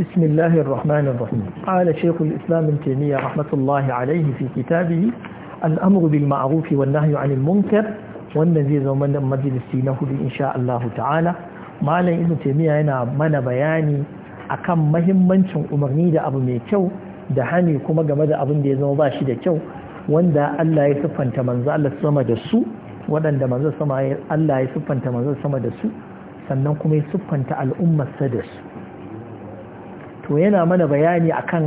بسم الله الرحمن الرحيم قال شيخ الإسلام ابن تيمية رحمة الله عليه في كتابه الأمر بالمعروف والنهي عن المنكر والنزيز ومن مجلسي نهد إن شاء الله تعالى ما لي ابن تيمية هنا من بياني أكم مهمنشن أمرني دا أبو ميكو da hani kuma game da abin da ya zama ba shi da kyau wanda Allah ya siffanta manzo Allah sama da su waɗanda manzo sama Allah ya siffanta manzo sama da su sannan kuma ya siffanta al'ummarsa da su to yana mana bayani akan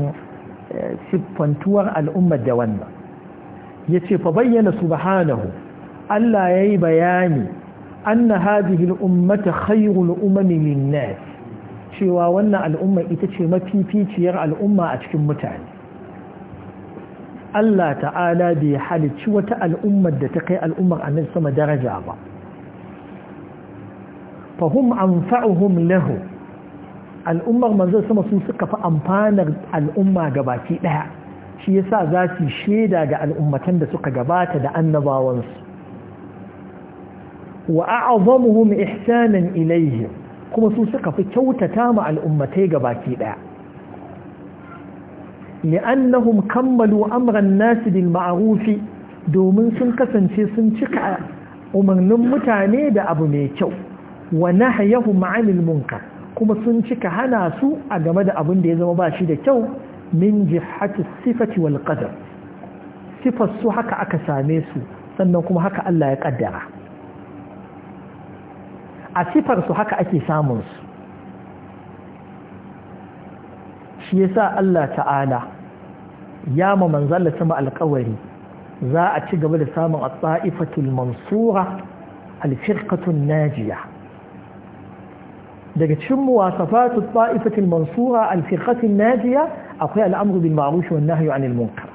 eh, siffantuwar al'ummar da wannan ya ce fa bayyana subhanahu Allah ya yi bayani anna hadhihi al'ummata khayrul umami min nas cewa wannan al'umma ita ce mafificiyar al'umma a cikin mutane Allah ta'ala bai halicci wata al'ummar da ta kai al'ummar annabi sama daraja ba fahum anfa'uhum lahu al'ummar manzo sama su suka fi amfanar al'umma ga baki daya shi yasa za su shaida ga al'ummatan da suka gabata da annabawansu wa a'azamuhum ihsanan ilayhi kuma su suka fi kyautata ma al'ummatai ga gabaki daya li'annahum kammalu amran nas bil ma'ruf domin sun kasance sun cika umarnin mutane da abu mai kyau wa nahyahum 'anil munkar kuma sun cika hana su a game da abin da ya zama ba shi da kyau min jihati sifati wal qadar sifar su haka aka same su sannan kuma haka Allah ya kaddara a sifar su haka ake samun su shi yasa Allah ta'ala ya ma manzala sama alƙawari za a ci gaba da samun a tsa'ifatul mansura alfirqatun najiya دقتشم مواصفات الطائفة المنصورة الفقة الناجية أقوى الأمر بالمعروف والنهي عن المنكر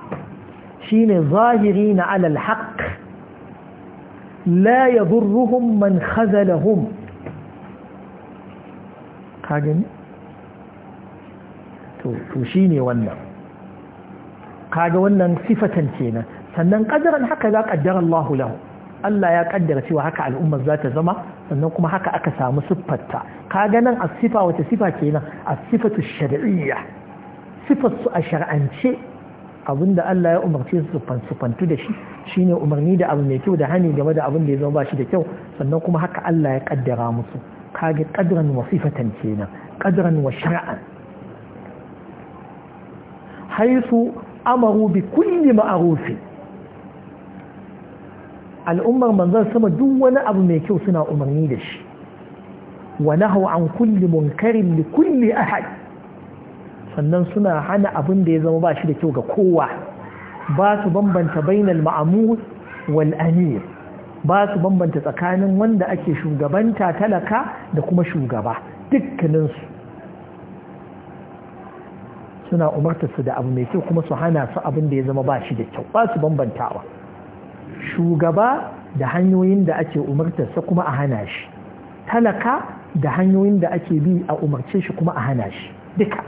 شين ظاهرين على الحق لا يضرهم من خذلهم قاقني توشيني ونن قاق ونن صفة كينا سنن قدر الحق إذا قدر الله له ألا يقدر سوى حق على الأمة ذات زمان sannan kuma haka aka samu siffarta ka ganin a sifa wace sifa kenan a sifatu shari'iyya sifar su a shar'ance abinda Allah ya umarce su fantu da shi shine umarni da abu mai kyau da hani game da abin da ya zama ba shi da kyau sannan kuma haka Allah ya kaddara musu kage kadran wa sifatan kenan kadran wa shar'an haythu amaru bi kulli ma'rufin al'ummar manzan sama duk wani abu mai kyau suna umarni da shi wa nahu an kulli munkarin li kulli ahad sannan suna hana abin da ya zama ba shi da kyau ga kowa ba su bambanta bainal ma'amur wal ba su bambanta tsakanin wanda ake shugabanta talaka da kuma shugaba dukkaninsu suna umartarsu da abu mai kyau kuma su hana su abin da ya zama ba shi da kyau ba su bambantawa shugaba da hanyoyin da ake umartarsa kuma a hana shi talaka da hanyoyin da ake bi a umarce shi kuma a hana shi duka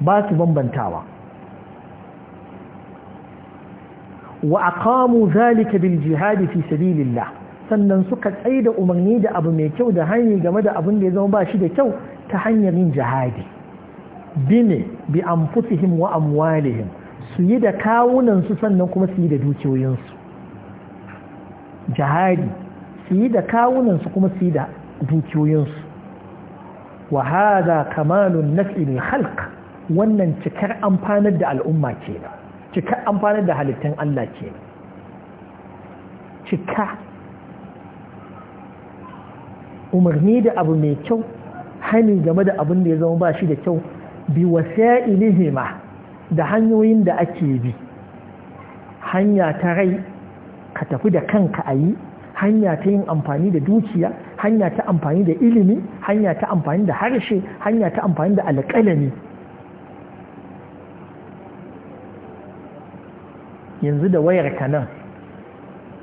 ba su bambantawa wa aqamu zalika bil jihad fi sabilillah sannan suka tsaida umarni da abu mai kyau da hanyar game da abin da ya zama ba shi da kyau ta hanyar yin jihadi bine bi anfusihim wa amwalihim su yi da kawunansu sannan kuma su yi da dukiyoyinsu jihadi su yi da kawunansu kuma su yi da dukiyoyinsu wa hada kamalun naf'il khalq wannan cikar amfanar da al'umma ce cikar amfanar da halittun Allah ce cika umarni da abu mai kyau hani game da abin da ya zama ba shi da kyau bi wasa'ilihima da hanyoyin da ake bi hanya ta rai ka tafi da kanka a yi hanya ta yin amfani da dukiya hanya ta amfani da ilimi hanya ta amfani da harshe hanya ta amfani da alƙalami yanzu da wayar ka nan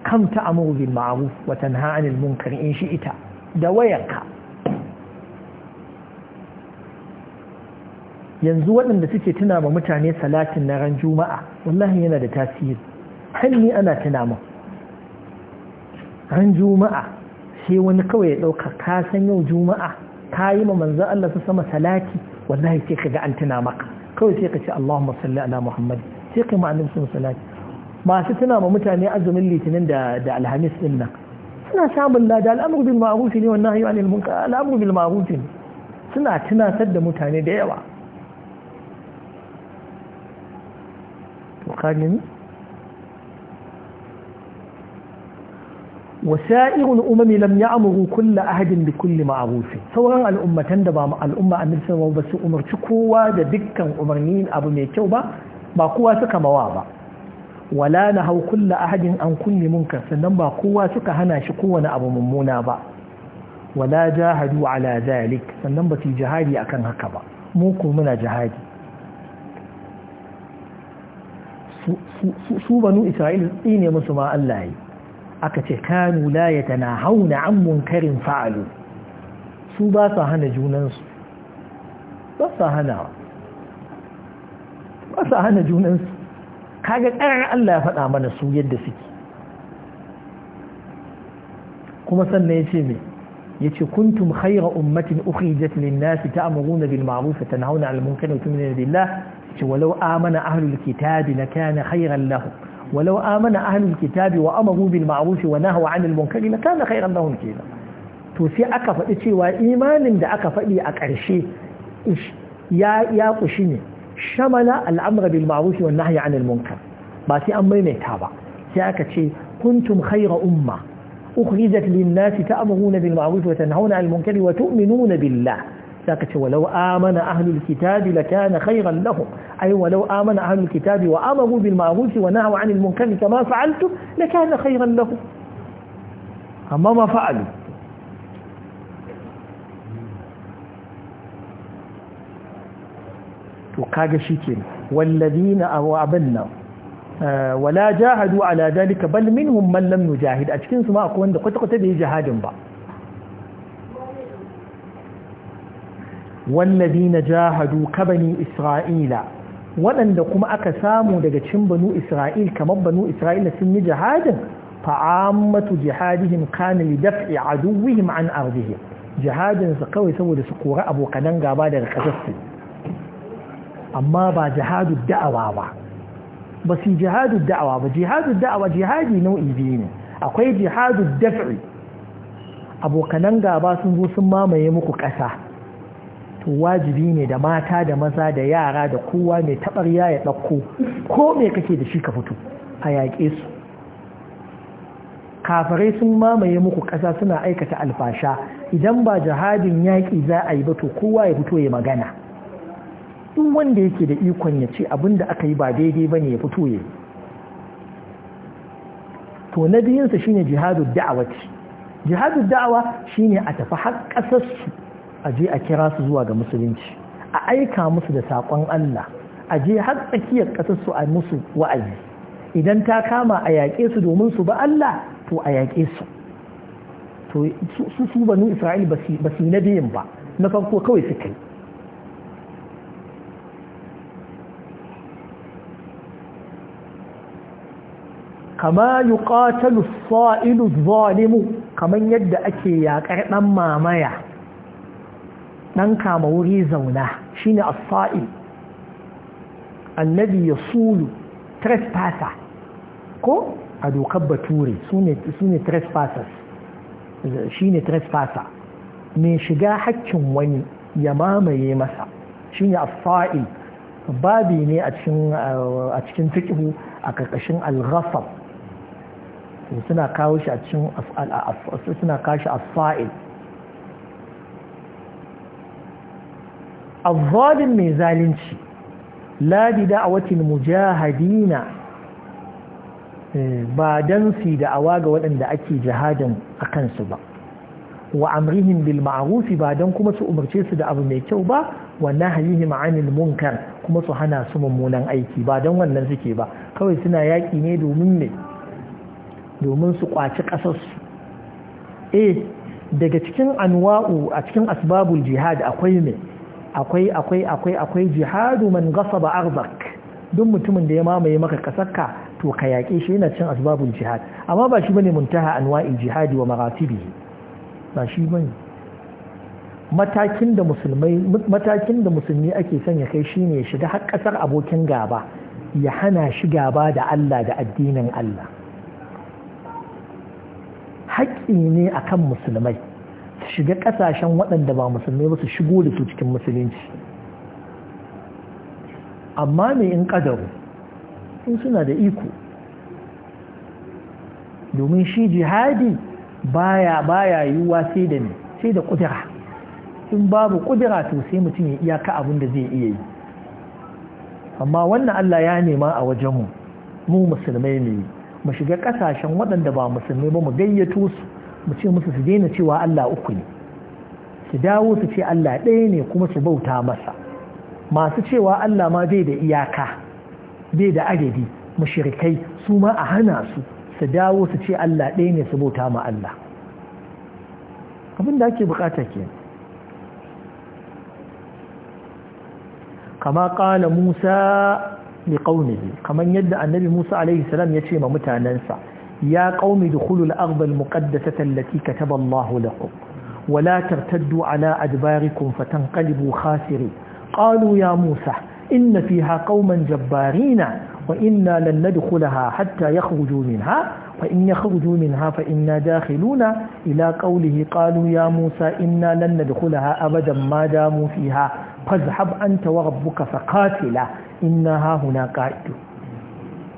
kam ta amuru bil wata wa munkar in shi ita da wayar ka yanzu waɗanda suke tuna ma mutane salatin na ran juma'a wallahi yana da tasiri hanni ana tuna ma. ran juma'a sai wani kawai ya ɗauka ka san yau juma'a ka yi ma manzan Allah su sama salati wallahi sai ka ga an tuna maka kawai sai ka ce Allahumma salli ala Muhammad sai ka ma'anin sun salati masu tuna ma mutane azumin litinin da alhamis din nan suna samun lada al'amur bil ma'ruf ne wannan hayu anil munkar al'amur bil ma'ruf ne suna tunasar da mutane da yawa ka gani وسائر الأمم لم يأمروا كل أحد بكل معروف سواء الأمة تندبا الأمة أن نفسه بس أمر تكوى دكا أمرنين أبو ميتوبة ما قوى سكا موابا ولا نهوا كل أحد عن كل منكر سنن ما قوى سكا هنا شكونا أبو ممونا با ولا جاهدوا على ذلك سنن بس جهادي أكن هكبا موكو منا جهادي su banu isra'il tsine musu ma Allah yi aka ce kanu layata na tana hauna an munkarin fa'alu su ba sa hana junansu ba sa hana ba sa hana junansu kaga ƙarar Allah ya faɗa mana su yadda suke kuma sannan ya ce mai ya ce kuntum haira ummatin ukhrijat lin nasi ta'muruna bil ma'ruf wa tanhauna 'anil munkari wa tu'minuna billah ce walau amana ahlul kitabi Kana khayran lahum walau amana ahlul kitabi wa amaru bil ma'ruf wa nahwa 'anil munkar lakana khayran lahum kenan to sai aka faɗi cewa imanin da aka faɗi a ƙarshe ya ya kushi ne shamala al'amra bil ma'ruf wa nahya 'anil munkar ba sai an maimaita ba sai aka ce kuntum khayra umma أخرجت للناس تأمرون بالمعروف وتنهون عن المنكر وتؤمنون بالله saka ce walau amana ahlul kitabi lakana khayran lahum ay walau amana ahlul kitabi wa amaru bil ma'ruf wa nahaw 'anil munkar kama fa'altu lakana khayran lahum amma ma fa'alu to kaga shikenan walladina awabanna eh, wala jahadu ala dalika bal minhum man lam yujahid a cikin su ma akwai wanda kwata-kwata bai jihadin ba na jahadu kabani Isra'ila, waɗanda kuma aka samu daga cin banu isra'il kamar banu isra'il sun yi jihadin fa'ammatu jihadihim kana li daf'i aduwwihim an ardihim jihadin su kawai saboda su kora abokanan gaba daga kasarsu amma ba jihadu da'awa ba ba su jihadu da'awa ba jihadu da'awa jihadi nau'i biyu ne akwai jihadu daf'i abokanan gaba sun zo sun mamaye muku ƙasa to wajibi ne da mata da maza da yara da kowa mai taɓarya ya ɗauko ko me kake da shi ka fito a yaƙe su kafirai sun mamaye muku ƙasa suna aikata alfasha idan ba jihadin yaƙi za a yi ba to kowa ya fito ya magana In wanda yake da ikon ya ce abin da aka yi ba daidai ba ne ya fito ya to na biyunsa shine jihadu da'awati jihadu da'awa shine a tafi har su a je a kira su zuwa ga musulunci a aika musu da saƙon Allah a je har tsakiyar ƙasar su a musu wa'azi idan ta kama a yaƙe su domin su ba Allah to a yaƙe su to su su banu Isra'il ba su na biyin ba na farko kawai su kai kama yi as-sa'ilu zalimu kamar yadda ake yaƙar ɗan mamaya ɗan kama wuri zauna shine ne sai annabi ya sulu trespasser ko a dokar bature su ne trespassers shi ne trespasser mai shiga hakkin wani ya mamaye masa shi ne asfa'i babi ne a cikin fikihu a ƙarƙashin al suna kawo shi a cikin suna asfa'i الظالم من ذالنشي لا بدعوة المجاهدين بعد في دعواج وأن أكي جهادا أكن سبا وأمرهم بالمعروف بعد كما سأمر شيس دعو ميكو با ونهيهم عن المنكر كما سحنا سممونا أيكي بعد وأن ننزكي با كوي سنا ياكي نيدو مني دو من kwaci ƙasarsu eh daga cikin anwa'u a cikin asbabul jihad akwai mai akwai akwai akwai akwai jihadu man gasaba arzak duk mutumin da ya mamaye maka kasarka to ka yaƙe shi yana cin asbabun jihad amma ba shi bane muntaha anwa'il jihadi wa maratibihi ba shi bane matakin da musulmai matakin da musulmi ake son ya kai shine ya shiga har kasar abokin gaba ya hana shi gaba da Allah da addinin Allah haƙƙi ne akan musulmai shiga ƙasashen waɗanda ba musulmai ba su shigo da su cikin musulunci amma ne in ƙadaru in suna da iko domin shi jihadi baya baya yiwuwa sai da ne sai da ƙudura in babu ƙudura to sai mutum ya iyaka abin da zai iya yi amma wannan Allah ya nema a wajenmu mu musulmai ne mu shiga ƙasashen waɗanda ba musulmai ba mu gayyato su mu ce musu su daina cewa Allah uku ne su dawo su ce Allah ɗaya ne kuma su bauta masa masu cewa Allah ma bai da iyaka bai da adadi mashirikai su ma a hana su su dawo su ce Allah ɗaya ne su bauta ma Allah abin da ake bukata ke kama kala Musa li ƙaunihi kamar yadda annabi Musa alaihi salam ya ce ma mutanensa ya ƙaumi da hulul arzal muƙaddasa tallaki ka taba Allah hulaku, ala adibarikun fatan ƙalibu khasiri, ƙalu ya Musa, ina fi ha ƙauman jabbari na, wa da hula hatta ya kurju min ha, fa in ya kurju min ha fa ina da hiluna, ila ƙaulihi ƙalu ya Musa, ina lalla da hula ha abadan ma damu fi ha, fa zahab an tawar buka sa ƙatila, ina ha huna ƙa'idu.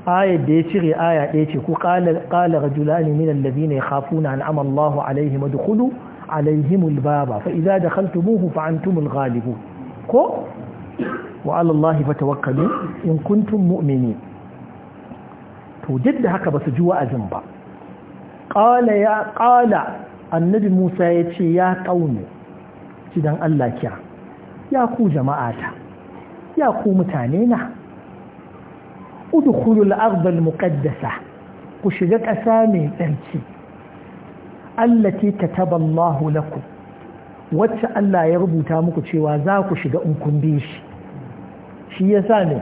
ayar da ya cire aya ɗaya ce ku ƙala rajulani min allazina yakhafuna an amallahu alaihim adkhulu alaihim albaba fa idza dakhaltumuhu fa antumul galibu ko wa ala allahi fatawakkalu in kuntum mu'minin to duk da haka ba su ji wa'azin ba ƙala ya ƙala annabi musa ya ce ya ƙaune don allah kira ya ku jama'ata ya ku mutane na udkhulu al-ardh al-muqaddasa ku shiga ƙasa mai tsarki allati kataba Allah lakum wacce Allah ya rubuta muku cewa za ku shiga in kun shi shi yasa ne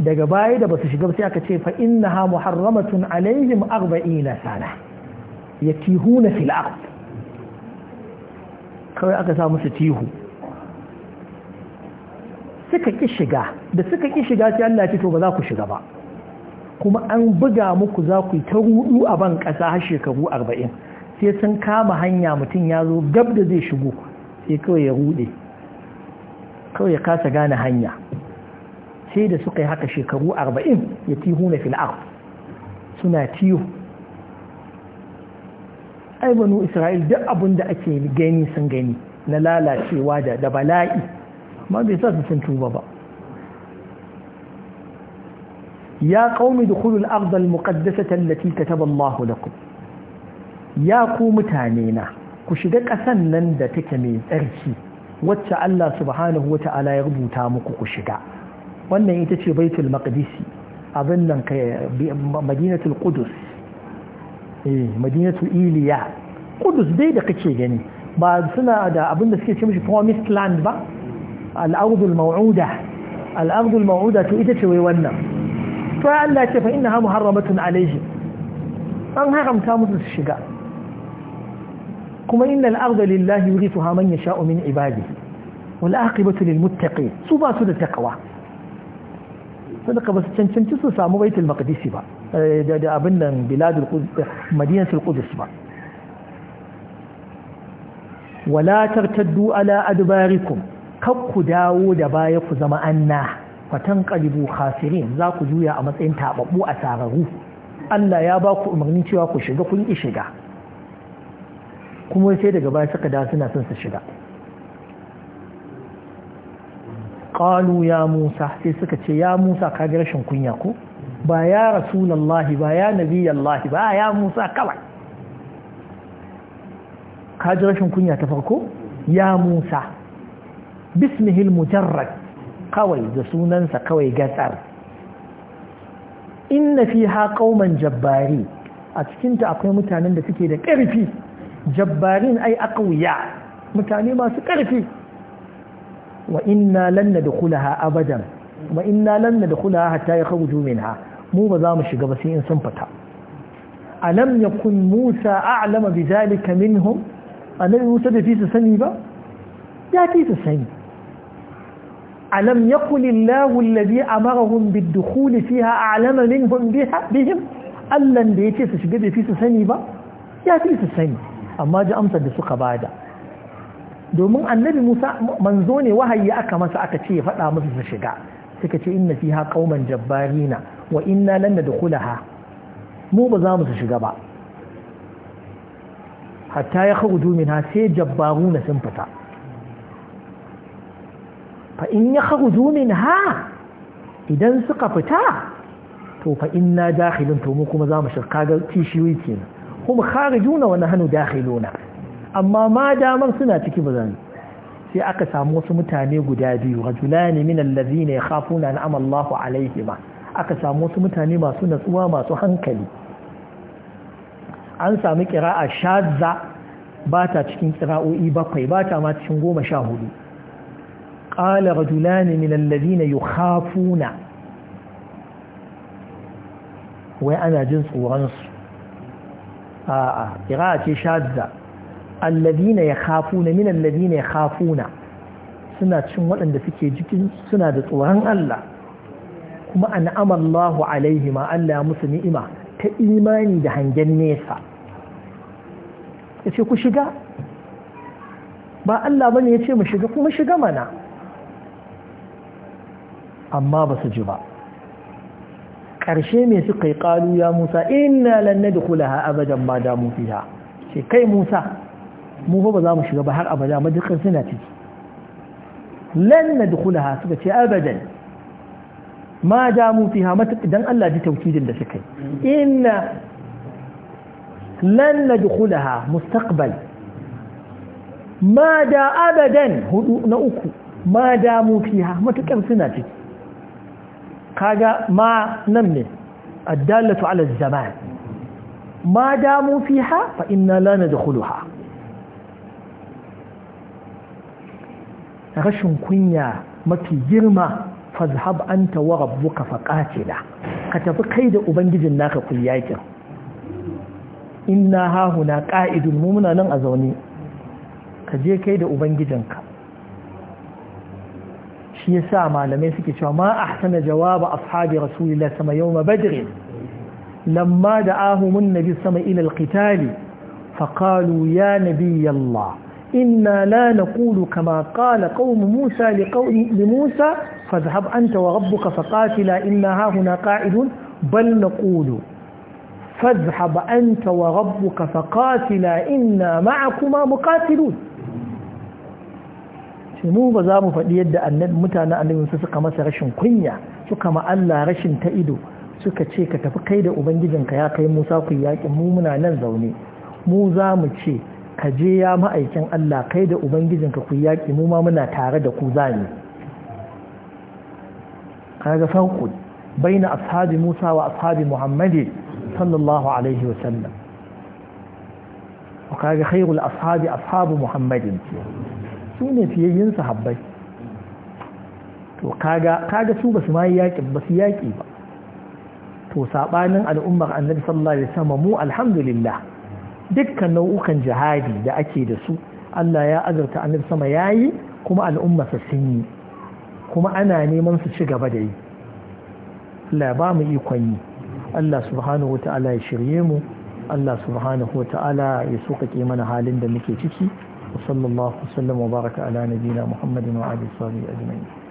daga baya da basu shiga sai aka ce fa innaha muharramatun alaihim 40 sana yatihuna fil ardh kawai aka sa musu tihu suka ki shiga da suka ki shiga sai Allah ya ce to ba za ku shiga ba kuma an buga muku za ku ta rudu a ban ƙasa har shekaru arba'in sai sun kama hanya mutum ya zo gab da zai shigo sai kawai ya rude kawai ya kasa gane hanya sai da suka yi haka shekaru arba'in ya tihu na fil'ar suna tiyo ai banu isra'il duk abin da ake gani sun gani na lalacewa da bala'i ma bai sa su sun tuba ba ya qaumi dukhulul ardh al muqaddasata allati kataba Allahu ya ku mutane na ku shiga ƙasan nan da take mai tsarki wacce Allah subhanahu wa ta'ala ya rubuta muku ku shiga wannan ita ce baitul maqdisi abin nan kai madinatul qudus eh madinatul iliya qudus dai da kake gani ba suna da abin da suke ce mishi promised land ba al-ardul maw'uda al-ardul maw'uda to ita ce wai wannan fa Allah ce fa innaha muharramatun alaihim an haramta musu su shiga kuma innal arda lillahi yurithuha man yasha'u min ibadihi wal aqibatu lil muttaqin su ba su da taqwa sadaka ba su cancanci su samu baitul maqdisi ba eh, da abin nan biladul qudus eh, madinatul qudus ba wala tartaddu ala adbarikum kakku dawo da baya ku zama anna fatan kalibu khasirin za ku juya a matsayin tababbu a sararu Allah ya ba ku umarnin cewa ku shiga kun yi shiga kuma sai daga baya suka da suna son su shiga qalu ya Musa sai suka ce ya Musa ka ga rashin kunya ko ba ya rasulullahi ba ya nabiyullahi ba ya Musa kawai ka ji rashin kunya ta farko ya Musa bismihil mujarrad kawai da sunansa kawai gatsar inna fi ha kauman jabbari a cikinta akwai mutanen da suke da ƙarfi jabbarin ai wuya mutane masu ƙarfi wa inna lan nadkhulaha abadan wa inna lan nadkhulaha hatta yakhruju minha mu ba za mu shiga ba sai in sun fita alam kun musa a'lama bidhalika minhum annabi musa da fi su sani ba ya fi su sani alam yakulillahu alladhi amarahum bid-dukhul fiha a'lama minhum biha bihim allan da yace su shiga da fi su sani ba ya fi su sani amma ji amsar da suka bada domin annabi Musa manzo ne wahayi aka masa aka ce ya fada masa su shiga suka ce inna fiha qauman jabbarina wa inna lan nadkhulaha mu ba za mu su shiga ba hatta ya khudu minha sai jabbaruna sun fita fa in ya kharuju ha, idan suka fita to fa in dakhilun to mu kuma za mu shirka ga kishiyoyi kenan hum juna wani hannu dahilona amma ma damar suna ciki ba sai aka samu wasu mutane guda biyu ne min na yakhafuna na'amallahu alaihi ma aka samu wasu mutane masu natsuwa masu hankali an sami kira'a shazza ba ta cikin kira'o'i bakwai ba ta ma cikin goma sha hudu qala rajulani min alladhina yukhafuna wai ana jin tsoron a'a qira'a ce shadda alladhina yakhafuna suna cin waɗanda suke jikin suna da tsoron Allah kuma an'ama amallahu alaihi ma Allah musu ni'ima ta imani da hangen nesa yace ku shiga ba Allah bane yace mu shiga kuma shiga mana amma ba su ji ba ƙarshe mai suka yi ƙalu ya musa ina lannan da kula ha abadan ma damu fiya ce kai musa mu ba za mu shiga ba har abada madukan suna ciki lannan da kula ha suka ce abadan ma damu fiya matuƙi don allah ji taukidin da suka yi ina lannan da kula ha mustaqbal ma da abadan hudu na uku ma damu fiya matuƙar suna ciki kaga ma nan ne addalatu ala zaman ma damu fiha fa inna la nadkhuluha rashin kunya mafi girma fazhab anta wa rabbuka da, ka tafi kai da ubangijin naka ku yakin inna hahu qa'idun mu muna nan a zaune ka je kai da ubangijinka شيسا ما لميسكي شو ما أحسن جواب أصحاب رسول الله سما يوم بدر لما دعاهم النبي سما إلى القتال فقالوا يا نبي الله إنا لا نقول كما قال قوم موسى لقوم لموسى فاذهب أنت وربك فقاتلا إنا ها هنا قائد بل نقول فاذهب أنت وربك فقاتلا إنا معكما مقاتلون ce mu ba za mu faɗi yadda mutane annabin su suka masa rashin kunya suka ma Allah rashin ta ido suka ce ka tafi kai da ka ya kai musa ku yaƙin mu muna nan zaune mu za mu ce ka je ya ma'aikin Allah kai da ubangijinka ku yaƙi mu ma muna tare da ku za ne kaga farko baina ashabi musa wa ashabi muhammadi sallallahu alaihi wa sallam وكاga خير الأصحاب su ne su sahabbai to kaga kaga su basu ma yaƙi ba yaƙi ba to sabanin al'ummar annabi sallallahu alaihi wasallam mu alhamdulillah dukkan nau'ukan jihadi da ake da su Allah ya azurta annabi sama yayi kuma al'ummarsa sun yi kuma ana neman su ci gaba da yi Allah ba mu ikon yi Allah subhanahu wa ta'ala ya shirye mu Allah subhanahu wa ta'ala ya sauƙaƙe mana halin da muke ciki وصلى الله وسلم وبارك على نبينا محمد وعلى اله وصحبه أجمعين